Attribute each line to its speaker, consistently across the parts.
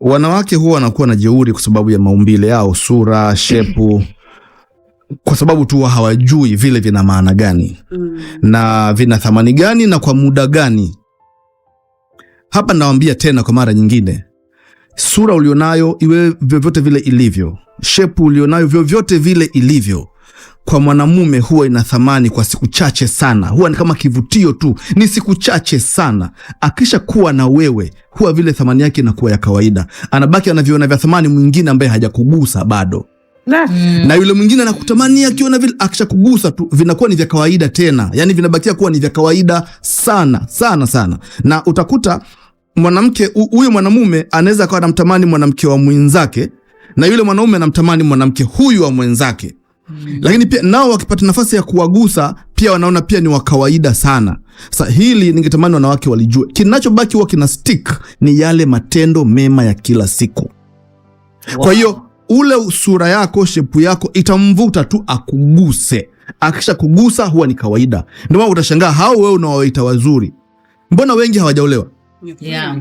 Speaker 1: wanawake huwa wanakuwa na jeuri kwa sababu ya maumbile yao, sura, shepu kwa sababu tu hawajui vile vina maana gani mm. na vina thamani gani na kwa muda gani. Hapa nawaambia tena kwa mara nyingine, sura ulionayo iwe vyovyote vile ilivyo, shepu ulionayo vyovyote vile ilivyo, kwa mwanamume huwa ina thamani kwa siku chache sana, huwa ni kama kivutio tu, ni siku chache sana. Akisha kuwa na wewe, huwa vile thamani yake inakuwa ya kawaida, anabaki anaviona vya thamani mwingine ambaye hajakugusa bado
Speaker 2: na, mm.
Speaker 1: na yule mwingine anakutamani akiona vile, akishakugusa tu vinakuwa ni vya kawaida tena, yani vinabakia kuwa ni vya kawaida sana sana sana, na utakuta mwanamke huyo mwanamume anaweza akawa anamtamani mwanamke wa mwenzake na yule mwanaume anamtamani mwanamke huyu wa mwenzake mm. Lakini pia nao wakipata nafasi ya kuwagusa pia wanaona pia ni wa kawaida sana. Sa hili ningetamani wanawake walijue, kinachobaki huwa kina stick ni yale matendo mema ya kila siku wow. Kwa hiyo ule sura yako, shepu yako itamvuta tu akuguse, akisha kugusa huwa ni kawaida. Ndio maana utashangaa hao wewe unawaita wazuri, mbona wengi hawajaolewa? yeah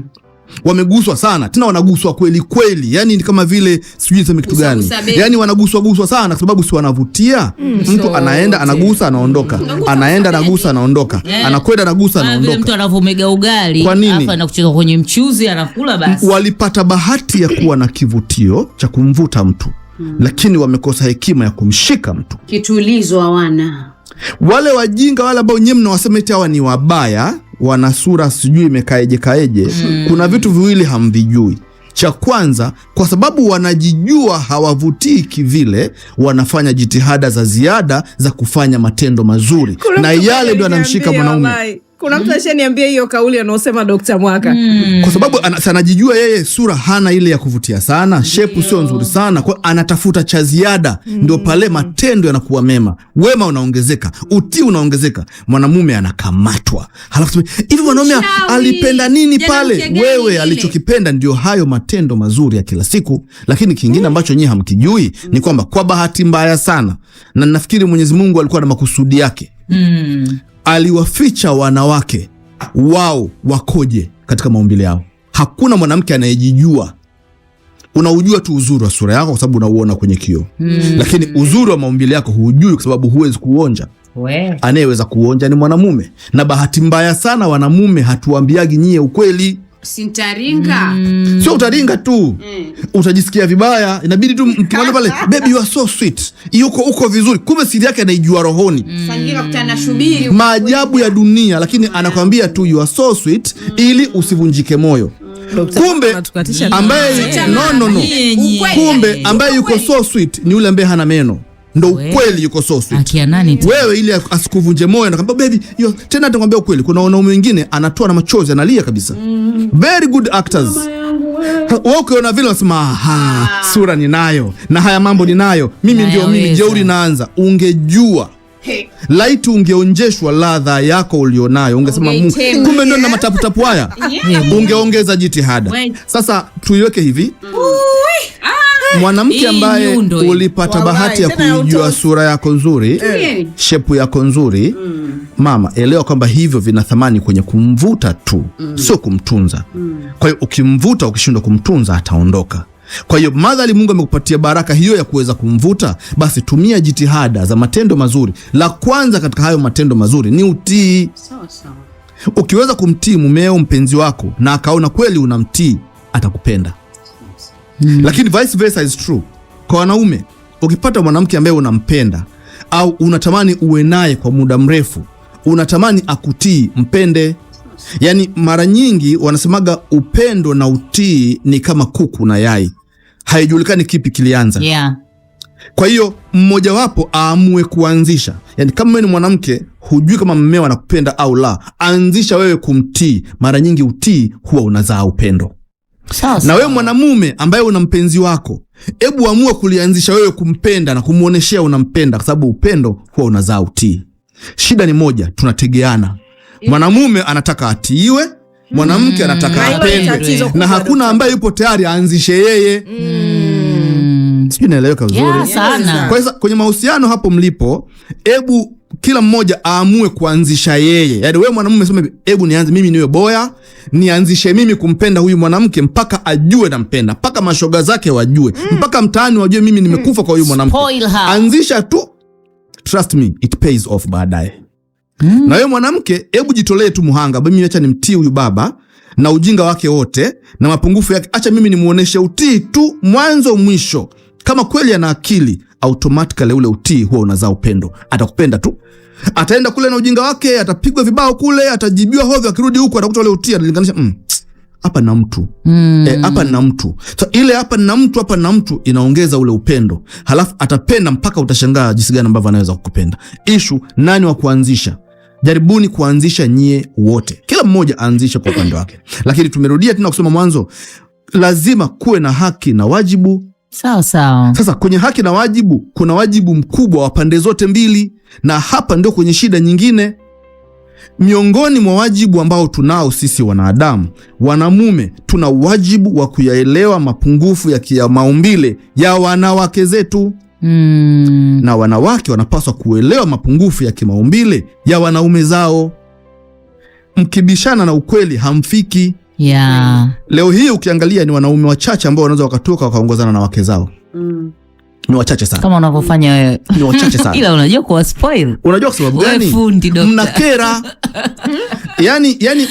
Speaker 1: wameguswa sana, tena wanaguswa kweli kweli, yani ni kama vile sijui sema kitu gani, yani wanaguswa guswa sana kwa sababu si wanavutia mm. Mtu so, anaenda anagusa anaondoka, anaenda anagusa anaondoka, anakwenda anagusa ah, anaondoka,
Speaker 2: mtu anavomega ugali alafu anakucheka kwenye mchuzi anakula. Basi
Speaker 1: walipata bahati ya kuwa na kivutio cha kumvuta mtu mm. Lakini wamekosa hekima ya kumshika mtu,
Speaker 2: kitulizo hawana.
Speaker 1: Wale wajinga wale ambao nyewe mnawasema eti hawa ni wabaya wana sura sijui imekaeje kaeje. Mm. Kuna vitu viwili hamvijui. Cha kwanza, kwa sababu wanajijua hawavutii kivile, wanafanya jitihada za ziada za kufanya matendo mazuri, na yale ndio yanamshika mwanaume
Speaker 2: kuna mtu ashaniambia hiyo kauli anaosema Dokta Mwaka mm.
Speaker 1: kwa sababu anajijua yeye, sura hana ile ya kuvutia sana, shepu sio nzuri sana, kwa anatafuta cha ziada mm. Ndio hmm. pale matendo yanakuwa mema, wema unaongezeka, utii unaongezeka, mwanamume anakamatwa. Halafu hivi mwanaume alipenda nini yaani pale? Wewe alichokipenda ndio hayo matendo mazuri ya kila siku. Lakini kingine ambacho nyie hamkijui mm. ni kwamba kwa bahati mbaya sana, na nafikiri Mwenyezi Mungu alikuwa na makusudi yake
Speaker 2: mm
Speaker 1: aliwaficha wanawake wao wakoje katika maumbile yao. Hakuna mwanamke anayejijua. Unaujua tu uzuri wa sura yako kwa sababu unauona kwenye kioo hmm. Lakini uzuri wa maumbile yako huujui kwa sababu huwezi kuonja. Anayeweza kuonja ni mwanamume, na bahati mbaya sana wanamume hatuambiagi nyie ukweli
Speaker 2: Sintaringa. Mm.
Speaker 1: Sio utaringa tu. Mm. Utajisikia vibaya. Inabidi tu mkimwambia pale baby you are so sweet. Yuko uko vizuri. Kumbe siri yake anaijua rohoni.
Speaker 2: Mm. kutana shubiri.
Speaker 1: Maajabu ya dunia lakini mm. anakwambia tu you are so sweet mm. ili usivunjike moyo. Doktor, kumbe ambaye no no no. Kumbe ambaye yuko so sweet ni yule ambaye hana meno ndo ukweli yuko so sweet. Wewe ili asikuvunje moyo, anakwambia baby yo tena, atakwambia ukweli. Kuna wanaume wengine anatoa na machozi analia kabisa, mm-hmm. very good actors wewe ukiona vile unasema ah. sura ninayo na haya mambo ninayo mimi, ndio mimi jeuri naanza. Ungejua laiti ungeonjeshwa ladha yako ulionayo, ungesema Mungu, kumbe ndio na mataputapu haya, ungeongeza jitihada. Sasa tuiweke hivi mwanamke ambaye ulipata bahati ya kujua sura yako nzuri, eh, shepu yako nzuri mm. Mama, elewa kwamba hivyo vina thamani kwenye kumvuta tu mm. sio kumtunza mm. Kwa hiyo ukimvuta, ukishindwa kumtunza ataondoka. Kwa hiyo madhali Mungu amekupatia baraka hiyo ya kuweza kumvuta, basi tumia jitihada za matendo mazuri. La kwanza katika hayo matendo mazuri ni utii. Ukiweza kumtii mumeo mpenzi wako na akaona kweli unamtii, atakupenda mm. Lakini vice versa is true kwa wanaume. Ukipata mwanamke ambaye unampenda au unatamani uwe naye kwa muda mrefu, unatamani akutii, mpende. Yaani mara nyingi wanasemaga upendo na utii ni kama kuku na yai, haijulikani kipi kilianza. yeah. Kwa hiyo mmojawapo aamue kuanzisha. Yaani kama wewe ni mwanamke, hujui kama mmeo anakupenda au la, anzisha wewe kumtii. Mara nyingi utii huwa unazaa upendo. Sasa. Na wewe mwanamume ambaye una mpenzi wako, hebu amua kulianzisha wewe kumpenda na kumuoneshea unampenda, kwa sababu upendo huwa unazaa utii. Shida ni moja, tunategeana. Mwanamume anataka atiiwe, mwanamke mm. anataka apendwe, na hakuna ambaye yupo tayari aanzishe yeye.
Speaker 2: Mm. Mm.
Speaker 1: Sijui naeleweka vizuri? Kwa hiyo kwenye mahusiano hapo mlipo, hebu kila mmoja aamue kuanzisha yeye. Yaani wewe mwanamume sema, hebu nianze mimi niwe boya, nianzishe mimi kumpenda huyu mwanamke mpaka ajue nampenda, mpaka mashoga zake wajue, mm. mpaka mtaani wajue mimi nimekufa mm. kwa huyu mm. mwanamke. Anzisha tu, trust me it pays off baadaye. Mm. Na wewe mwanamke, hebu jitolee tu muhanga, mimi acha nimtii huyu baba na ujinga wake wote na mapungufu yake, acha mimi nimuoneshe utii tu mwanzo mwisho, kama kweli ana akili automatically ule utii huwa unazaa upendo. Atakupenda tu, ataenda kule na ujinga wake, atapigwa vibao kule, atajibiwa hovyo, akirudi huko atakuta ule utii, analinganisha mm, hapa na mtu mm. Eh, hapa na mtu so, ile hapa na mtu hapa na mtu inaongeza ule upendo, halafu atapenda mpaka utashangaa jinsi gani ambavyo anaweza kukupenda. Ishu nani wa kuanzisha? Jaribuni kuanzisha nyie wote, kila mmoja aanzishe kwa upande wake, lakini tumerudia tena kusema mwanzo, lazima kuwe na haki na wajibu
Speaker 2: sawa sawa.
Speaker 1: Sasa kwenye haki na wajibu kuna wajibu mkubwa wa pande zote mbili, na hapa ndio kwenye shida nyingine. Miongoni mwa wajibu ambao tunao sisi wanadamu wanamume, tuna wajibu wa kuyaelewa mapungufu ya kimaumbile ya wanawake zetu.
Speaker 2: Mm.
Speaker 1: Na wanawake wanapaswa kuelewa mapungufu ya kimaumbile ya wanaume zao. Mkibishana na ukweli hamfiki
Speaker 2: yeah.
Speaker 1: Leo hii ukiangalia ni wanaume wachache ambao wanaweza wakatoka wakaongozana na wake zao mm. Ni wachache sana
Speaker 2: kama unavyofanya wewe, ni wachache sana ila unajua kuwa spoil.
Speaker 1: Unajua kwa sababu gani? Mnakera yani, yani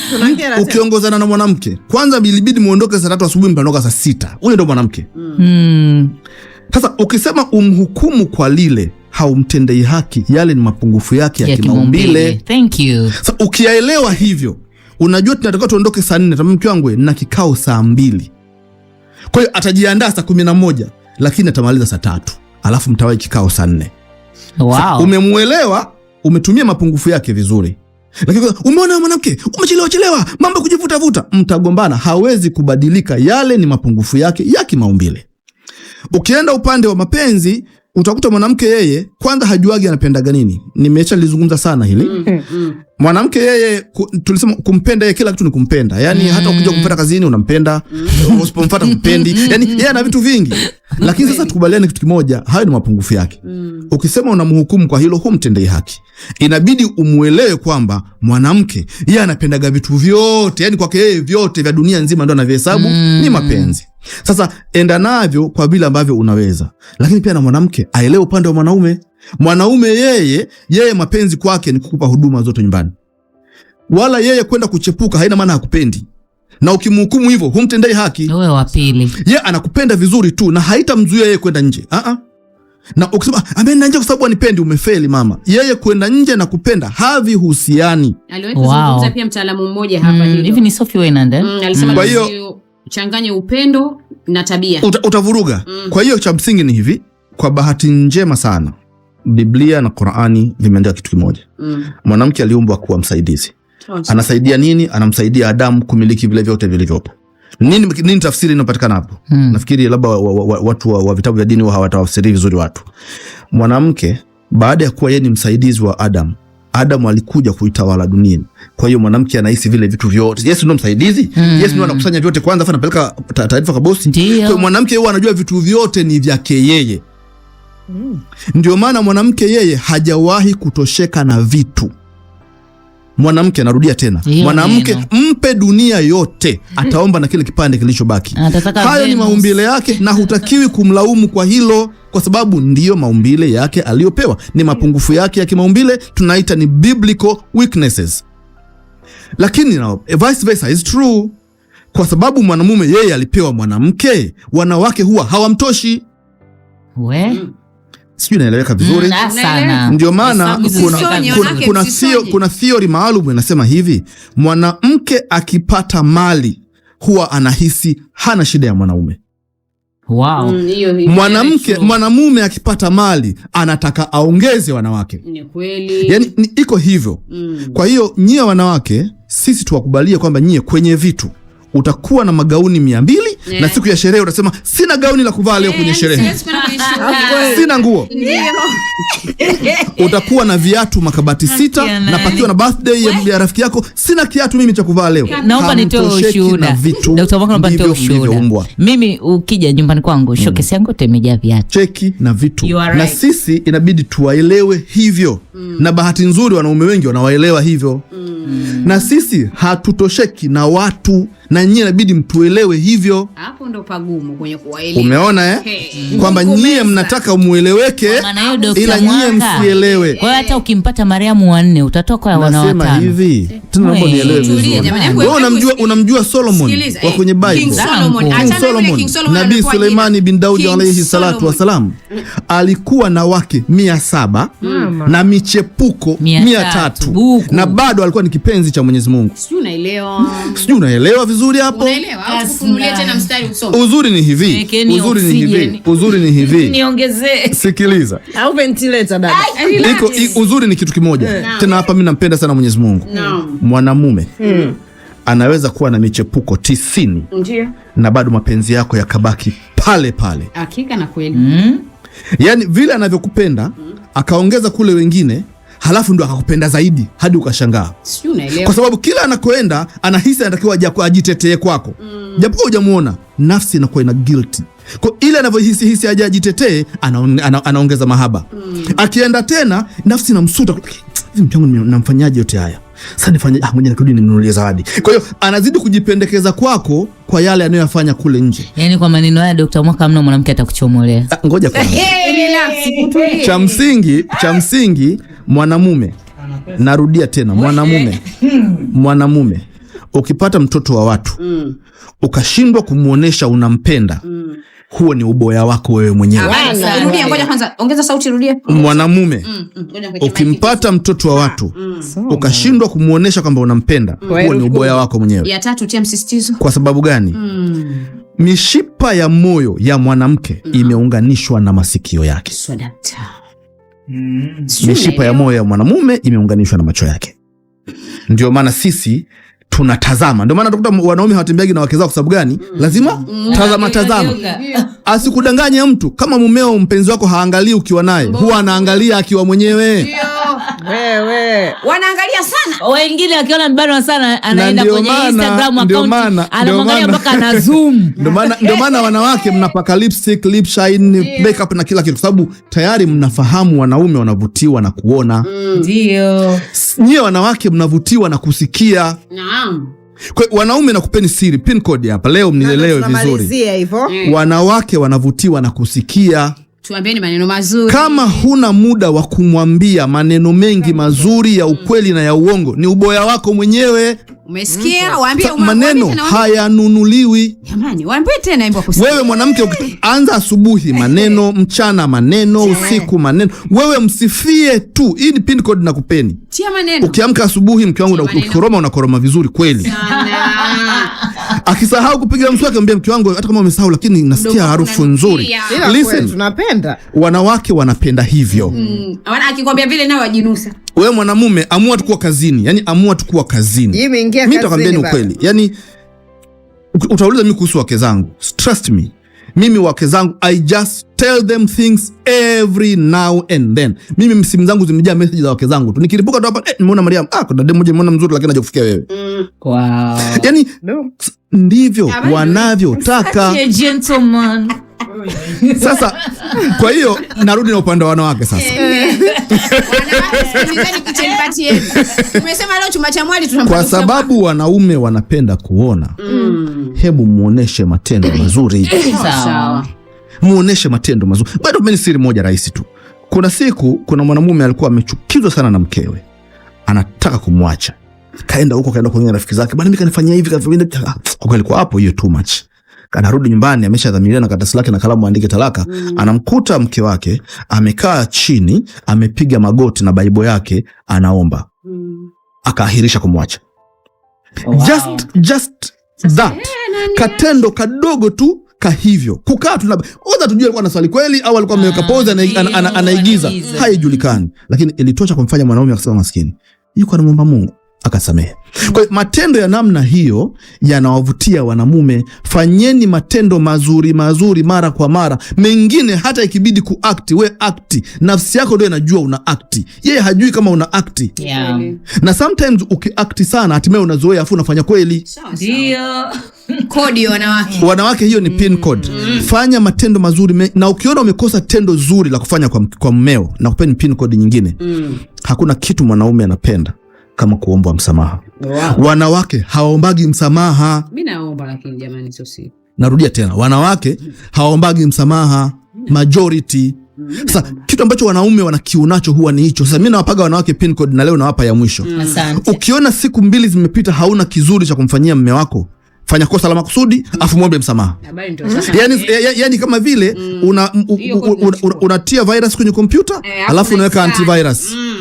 Speaker 1: ukiongozana na mwanamke kwanza, ilibidi muondoke saa tatu asubuhi, mpanoka saa sita. Huyo ndo mwanamke
Speaker 2: mm. Mm.
Speaker 1: sasa. Mm. Ukisema umhukumu kwa lile haumtendei haki, yale ni mapungufu yake ya kimaumbile.
Speaker 2: Thank you.
Speaker 1: Sasa ukiaelewa hivyo unajua tunatakiwa tuondoke saa nne, mke wangu na kikao saa mbili. Kwa hiyo atajiandaa saa kumi na moja lakini atamaliza saa tatu alafu mtawahi kikao saa nne. Wow. Umemwelewa, umetumia mapungufu yake vizuri, lakini umeona mwanamke umechelewa chelewa, mambo kujivuta vuta, mtagombana. Hawezi kubadilika, yale ni mapungufu yake ya kimaumbile. Ukienda upande wa mapenzi utakuta mwanamke yeye kwanza hajuagi anapendaga nini. lizungumza sana hili mm, mm. mwanamke yeye ku, tulisema kumpenda yeye kila kitu ni kumpenda, yani mm. hata ukija kumfuata kazini unampenda, mm. usipomfuata kupendi, mm. yani yeye ana vitu vingi lakini sasa tukubaliane kitu kimoja, hayo ni mapungufu yake. mm. Ukisema unamhukumu kwa hilo, humtendei haki. Inabidi umuelewe kwamba mwanamke yeye anapendaga vitu vyote, yani kwake yeye vyote vya dunia nzima ndo anavyohesabu mm. ni mapenzi sasa enda navyo kwa vile ambavyo unaweza, lakini pia na mwanamke aelewe upande wa mwanaume. Mwanaume yeye yeye mapenzi kwake ni kukupa huduma zote nyumbani, wala yeye kwenda kuchepuka haina maana hakupendi na ukimhukumu hivyo humtendei haki.
Speaker 2: Wewe wa pili,
Speaker 1: yeye anakupenda vizuri tu na haitamzuia yeye kwenda nje. A a, na ukisema ah, ameenda nje kwa sababu anipendi, umefeli mama. Yeye kwenda nje na kupenda havihusiani.
Speaker 2: Aliwahi kuzungumza pia mtaalamu mmoja hapa mm, hivi, ni Sophie Wenand. Mm, kwa hiyo Changanye upendo na tabia,
Speaker 1: uta, utavuruga mm. Kwa hiyo cha msingi ni hivi, kwa bahati njema sana Biblia na Qurani vimeandika kitu kimoja mm. Mwanamke aliumbwa kuwa msaidizi. Oh, Anasaidia nini? Anamsaidia Adamu kumiliki vile vyote vilivyopo. Nini, nini tafsiri inayopatikana hapo? hmm. Nafikiri labda wa, wa, wa, watu wa, wa vitabu vya dini hawatawafsiri vizuri watu. Mwanamke baada ya kuwa yeye ni msaidizi wa Adamu Adamu alikuja kuitawala dunia. Kwa hiyo mwanamke anahisi vile vitu vyote. Yesu ndio msaidizi. Mm. Yesu ndio anakusanya vyote kwanza, afa anapeleka taarifa kwa bosi. Kwa hiyo mwanamke huwa anajua vitu vyote ni vyake yeye. Mm. Ndio maana mwanamke yeye hajawahi kutosheka na vitu mwanamke, anarudia tena, mwanamke mpe dunia yote, ataomba na kile kipande kilichobaki. Hayo ni maumbile yake, na hutakiwi kumlaumu kwa hilo, kwa sababu ndiyo maumbile yake aliyopewa, ni mapungufu yake ya kimaumbile, tunaita ni biblical weaknesses. Lakini na, vice versa is true, kwa sababu mwanamume yeye alipewa mwanamke, wanawake huwa hawamtoshi we mm sijui naeleweka vizuri
Speaker 2: mm, ah,
Speaker 1: ndio maana kuna, kuna, kuna, kuna theory maalum inasema hivi, mwanamke akipata mali huwa anahisi hana shida ya mwanaume. Wow. Mm, mwanamke mwanamume akipata mali anataka aongeze wanawake. Ni Yani iko hivyo mm. Kwa hiyo nyie wanawake sisi tuwakubalie kwamba nyie kwenye vitu utakuwa na magauni mia mbili yeah. na siku ya sherehe utasema sina gauni la kuvaa leo kwenye sherehe, sina nguo utakuwa na viatu makabati sita, na pakiwa na birthday ya rafiki yako, sina kiatu mimi cha kuvaa leo.
Speaker 2: Naomba nitoe ushuhuda, mimi ukija nyumbani kwangu mm. shokesi yangu yote imejaa viatu,
Speaker 1: cheki na vitu right. na sisi inabidi tuwaelewe hivyo mm. na bahati nzuri wanaume wengi wanawaelewa hivyo mm. na sisi hatutosheki na watu na nyie inabidi mtuelewe hivyo.
Speaker 2: Hapo ndo pagumu kwenye kuwaelewa.
Speaker 1: Umeona eh? Hey. Kwamba nyie mnataka mueleweke ila nyie msielewe.
Speaker 2: Kwa hiyo hata ukimpata Mariamu wa nne utatoka wana watano. Nasema
Speaker 1: hivi, tunaomba nielewe vizuri. Wewe unamjua unamjua Solomon wa eh, kwenye Bible. King Solomon, Nabii Suleiman bin Daud alayhi salatu wasalam alikuwa na wake mia saba hmm. na michepuko mia tatu na bado alikuwa ni kipenzi cha Mwenyezi Mungu.
Speaker 2: Sijui unaelewa.
Speaker 1: Sijui unaelewa vizuri vizuri hapo? Uzuri ni hivi, uzuri ni hivi, uzuri ni hivi,
Speaker 2: niongezee,
Speaker 1: sikiliza,
Speaker 2: au ventilator dada,
Speaker 1: iko uzuri ni kitu kimoja eh. Tena hapa mimi nampenda sana Mwenyezi Mungu Mwanamume hmm. anaweza kuwa na michepuko tisini Ndio. na bado mapenzi yako yakabaki pale pale,
Speaker 2: hakika na kweli mm.
Speaker 1: Yani vile anavyokupenda mm. akaongeza kule wengine halafu ndo akakupenda zaidi hadi ukashangaa, kwa sababu kila anakoenda anahisi anatakiwa ajitetee kwako mm. japokuwa hujamuona, nafsi inakuwa ina guilty kwa ile anavyohisi hisi aje ajitetee, anaongeza mahaba mm. akienda tena nafsi inamsuta mchangu namfanyaje yote haya sasa nifanye ah, mwenye nikirudi ninunulie zawadi. Kwa hiyo anazidi kujipendekeza kwako kwa yale anayoyafanya kule nje.
Speaker 2: Yaani kwa maneno haya Dr. Mwaka mna mwanamke atakuchomolea.
Speaker 1: Ah, ngoja kwa. Cha msingi, cha msingi mwanamume, narudia tena, mwanamume, hmm. mwanamume ukipata mtoto wa watu mm. ukashindwa kumwonyesha unampenda mm. huo ni uboya wako wewe mwenyewe. Mwanamume hmm, hmm, ukimpata mtoto wa ah, watu mm. ukashindwa kumwonyesha kwamba unampenda mm. huo ni uboya wako mwenyewe.
Speaker 2: Ya tatu, tia msisitizo.
Speaker 1: Kwa sababu gani? mm. mishipa ya moyo ya mwanamke mm. imeunganishwa na masikio yake
Speaker 2: Swadata.
Speaker 1: Mm. Mishipa ya moyo ya mwanamume imeunganishwa na macho yake, ndio maana sisi tunatazama. Ndio maana tukuta wanaume hawatembeagi na wake zao. Kwa sababu gani? Mm. Lazima mm. tazama tazama, asikudanganye mtu. Kama mumeo mpenzi wako haangalii ukiwa naye, huwa anaangalia akiwa mwenyewe
Speaker 2: wewe, wanaangalia sana wengine, akiona mbanwa sana anaenda kwenye Instagram account, anamwangalia mpaka na zoom.
Speaker 1: Ndio maana ndio maana wanawake mnapaka lipstick, lip shine, makeup na kila kitu, sababu tayari mnafahamu wanaume wanavutiwa na kuona.
Speaker 2: Mm. Ndio
Speaker 1: nyie wanawake mnavutiwa na kusikia. Naam. Kwa wanaume nakupeni siri pin code hapa leo mnielewe vizuri. Wanawake wanavutiwa na kusikia
Speaker 2: Tuambieni maneno mazuri.
Speaker 1: Kama huna muda wa kumwambia maneno mengi mazuri ya ukweli na ya uongo, ni uboya wako mwenyewe.
Speaker 2: Umesikia? Mm. Waambie
Speaker 1: maneno hayanunuliwi.
Speaker 2: Jamani, waambie tena hivyo kusema.
Speaker 1: Wewe mwanamke anza asubuhi maneno, mchana maneno, usiku maneno. Wewe msifie tu. Hii ni pin code nakupeni. Tia maneno. Ukiamka asubuhi, mke wangu, unakoroma unakoroma vizuri kweli.
Speaker 2: Sana.
Speaker 1: akisahau kupiga mswaki, ambia mke wangu, hata kama umesahau, lakini nasikia harufu nzuri. Listen,
Speaker 2: tunapenda
Speaker 1: wanawake, wanapenda hivyo
Speaker 2: mm. Akikwambia vile nao wajinusa.
Speaker 1: Wewe mwanamume, amua tukuwa kazini, yani amua tukuwa kazini. Mimi nitakwambia ni ukweli, yani utauliza mimi kuhusu wake zangu, trust me mimi wake zangu I just tell them things every now and then. Mimi msimu zangu zimejaa message za wake zangu tu, nikiripuka tu hapa eh, nimeona Mariam, ah, kuna demu moja nimeona mzuri, lakini hajakufikia wewe. Wow, yani no. Ndivyo wanavyotaka. Sasa kwa hiyo narudi na upande wa wanawake sasa. Eh,
Speaker 2: eh.
Speaker 1: Kwa sababu wanaume wanapenda kuona mm. Hebu muoneshe matendo mazuri eh, muoneshe matendo mazuri. Bado mimi siri moja rahisi tu. Kuna siku kuna mwanamume alikuwa amechukizwa sana na mkewe, anataka kumwacha, kaenda huko, kaenda kwa rafiki zake, bwana mimi kanifanyia hivi, ah, kwa kweli kwa hapo hiyo too much anarudi nyumbani, ameshadhamiria na karatasi lake na kalamu, aandike talaka. Mm. Anamkuta mke wake amekaa chini, amepiga magoti na Baibo yake anaomba, mm. akaahirisha kumwacha. Just, just that eh, katendo kadogo tu kahivyo kukaa tuna oza tujue alikuwa anaswali kweli au alikuwa ameweka ah, poza anaigiza, haijulikani, lakini ilitosha kumfanya mwanaume akasema maskini yuko anamwomba Mungu akasamehe. Mm. Kwa hiyo matendo ya namna hiyo yanawavutia wanamume. Fanyeni matendo mazuri mazuri mara kwa mara, mengine hata ikibidi kuakti, we akti. Nafsi yako ndo inajua una akti, yeye hajui kama una akti yeah. Na sometimes ukiakti sana, hatimaye unazoea, afu unafanya kweli.
Speaker 2: ndio Kodi wanawake,
Speaker 1: wanawake, hiyo ni pin mm. code. Mm. Fanya matendo mazuri, me, na ukiona umekosa tendo zuri la kufanya kwa, kwa mmeo, na kupeni pin code nyingine. Hakuna kitu mwanaume anapenda kama kuombwa msamaha. Wow. Wanawake hawaombagi msamaha.
Speaker 2: Mimi naomba lakini jamani, sio
Speaker 1: Narudia tena, wanawake mm. hawaombagi msamaha mm. majority. Mm, sasa kitu ambacho wanaume wanakionacho huwa ni hicho. Sasa mimi nawapaga wanawake pin code na leo nawapa ya mwisho. Mm. Ukiona siku mbili zimepita hauna kizuri cha kumfanyia mme wako, fanya kosa la makusudi mm. afu mwombe msamaha. Yani, yani yaani kama vile mm. unatia una, una, una virus kwenye kompyuta eh, alafu unaweka antivirus mm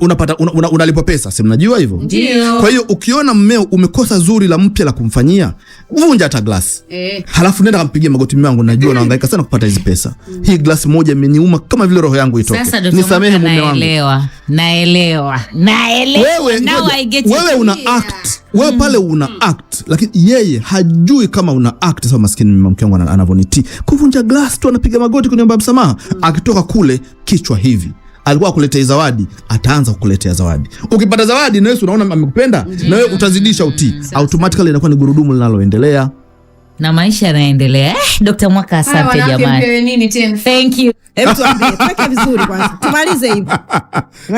Speaker 1: unapata una, una, unalipwa pesa, si mnajua hivyo?
Speaker 2: Ndio. Kwa
Speaker 1: hiyo ukiona mmeo umekosa zuri la mpya la kumfanyia, vunja hata glasi eh. Halafu nenda kampigia magoti mwangu, najua mm. nahangaika sana kupata hizi pesa mm. Hii glasi moja imeniuma kama vile roho yangu itoke. Nisamehe mume wangu. Naelewa,
Speaker 2: naelewa, naelewa. Wewe,
Speaker 1: Now I get wewe it una yeah. act wewe mm. pale una mm. act lakini yeye hajui kama una act. Sasa maskini mama mke wangu anavonitii kuvunja glasi tu, anapiga magoti kuniomba msamaha mm. akitoka kule kichwa hivi alikuwa akuletea zawadi, ataanza kukuletea zawadi. Ukipata zawadi na Yesu unaona amekupenda, na wewe utazidisha utii, automatically inakuwa ni gurudumu linaloendelea
Speaker 2: na maisha yanaendelea. Eh, Dr. Mwaka asante jamani. Thank you. Hebu tuambie vizuri kwanza. Tumalize hivyo.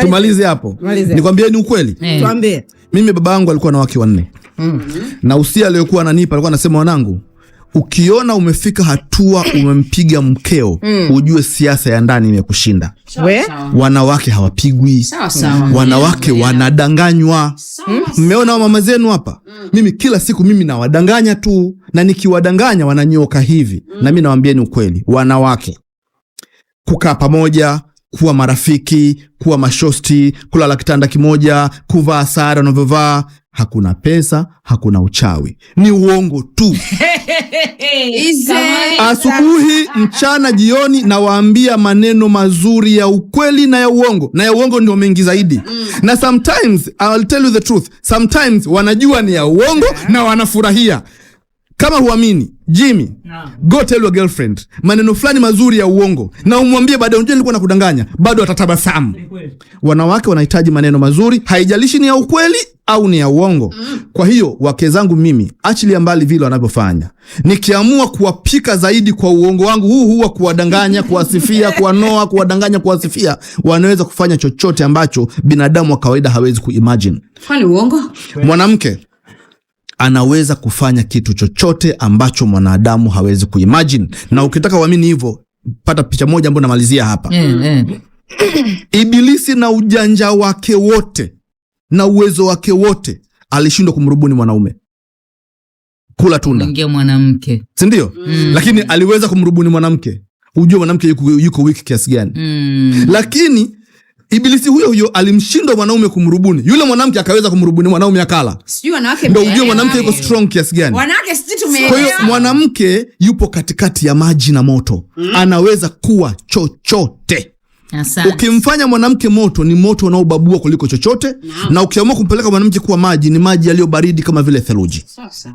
Speaker 1: Tumalize hapo. Nikwambie ni ukweli.
Speaker 2: Eh. Tuambie.
Speaker 1: Mimi baba yangu alikuwa na wake wanne. Mm -hmm. Na usia aliyokuwa ananipa alikuwa anasema wanangu ukiona umefika hatua umempiga mkeo mm. ujue siasa ya ndani imekushinda. Wanawake hawapigwi mm. wanawake yeah, mm. wanadanganywa mm. Mmeona wa mama zenu hapa mm. mimi kila siku mimi nawadanganya tu, na nikiwadanganya wananyoka hivi mm. na mi nawambieni ukweli, wanawake kukaa pamoja kuwa marafiki, kuwa mashosti, kulala kitanda kimoja, kuvaa sare unavyovaa, hakuna pesa, hakuna uchawi, ni uongo tu. Asubuhi, mchana, jioni nawaambia maneno mazuri ya ukweli na ya uongo, na ya uongo ndio mengi zaidi mm. na sometimes I'll tell you the truth, sometimes wanajua ni ya uongo yeah. na wanafurahia kama huamini Jimmy, no. go tell your girlfriend maneno fulani mazuri ya uongo na umwambie baadaye, unajua nilikuwa nakudanganya, bado atatabasamu. Wanawake wanahitaji maneno mazuri, haijalishi ni ya ukweli au ni ya uongo. Mm. Kwa hiyo wake zangu mimi, achilia mbali vile wanavyofanya, nikiamua kuwapika zaidi kwa uongo wangu huu, huwa kuwadanganya, kuwasifia, kuwanoa, kuwadanganya, kuwasifia, wanaweza kufanya chochote ambacho binadamu wa kawaida hawezi kuimagine. Kwani uongo mwanamke anaweza kufanya kitu chochote ambacho mwanadamu hawezi kuimagine, na ukitaka uamini hivyo, pata picha moja ambayo namalizia hapa
Speaker 2: mm, hmm
Speaker 1: Ibilisi na ujanja wake wote na uwezo wake wote alishindwa kumrubuni mwanaume kula tunda
Speaker 2: mwanamke,
Speaker 1: si ndio? mm. Lakini aliweza kumrubuni mwanamke. Ujue mwanamke yuko, yuko wiki kiasi gani? mm. Lakini Ibilisi huyo huyo alimshindwa mwanaume kumrubuni. Yule mwanamke akaweza kumrubuni mwanaume akala. ndo ndio ujue mwanamke yuko strong kiasi gani. Kwa hiyo mwanamke yupo katikati ya maji na moto. Mm. Anaweza kuwa chochote. Asante. Ukimfanya mwanamke moto ni moto unaobabua kuliko chochote no. Na ukiamua kumpeleka mwanamke kuwa maji ni maji yaliyo baridi kama vile theluji.
Speaker 2: Sasa.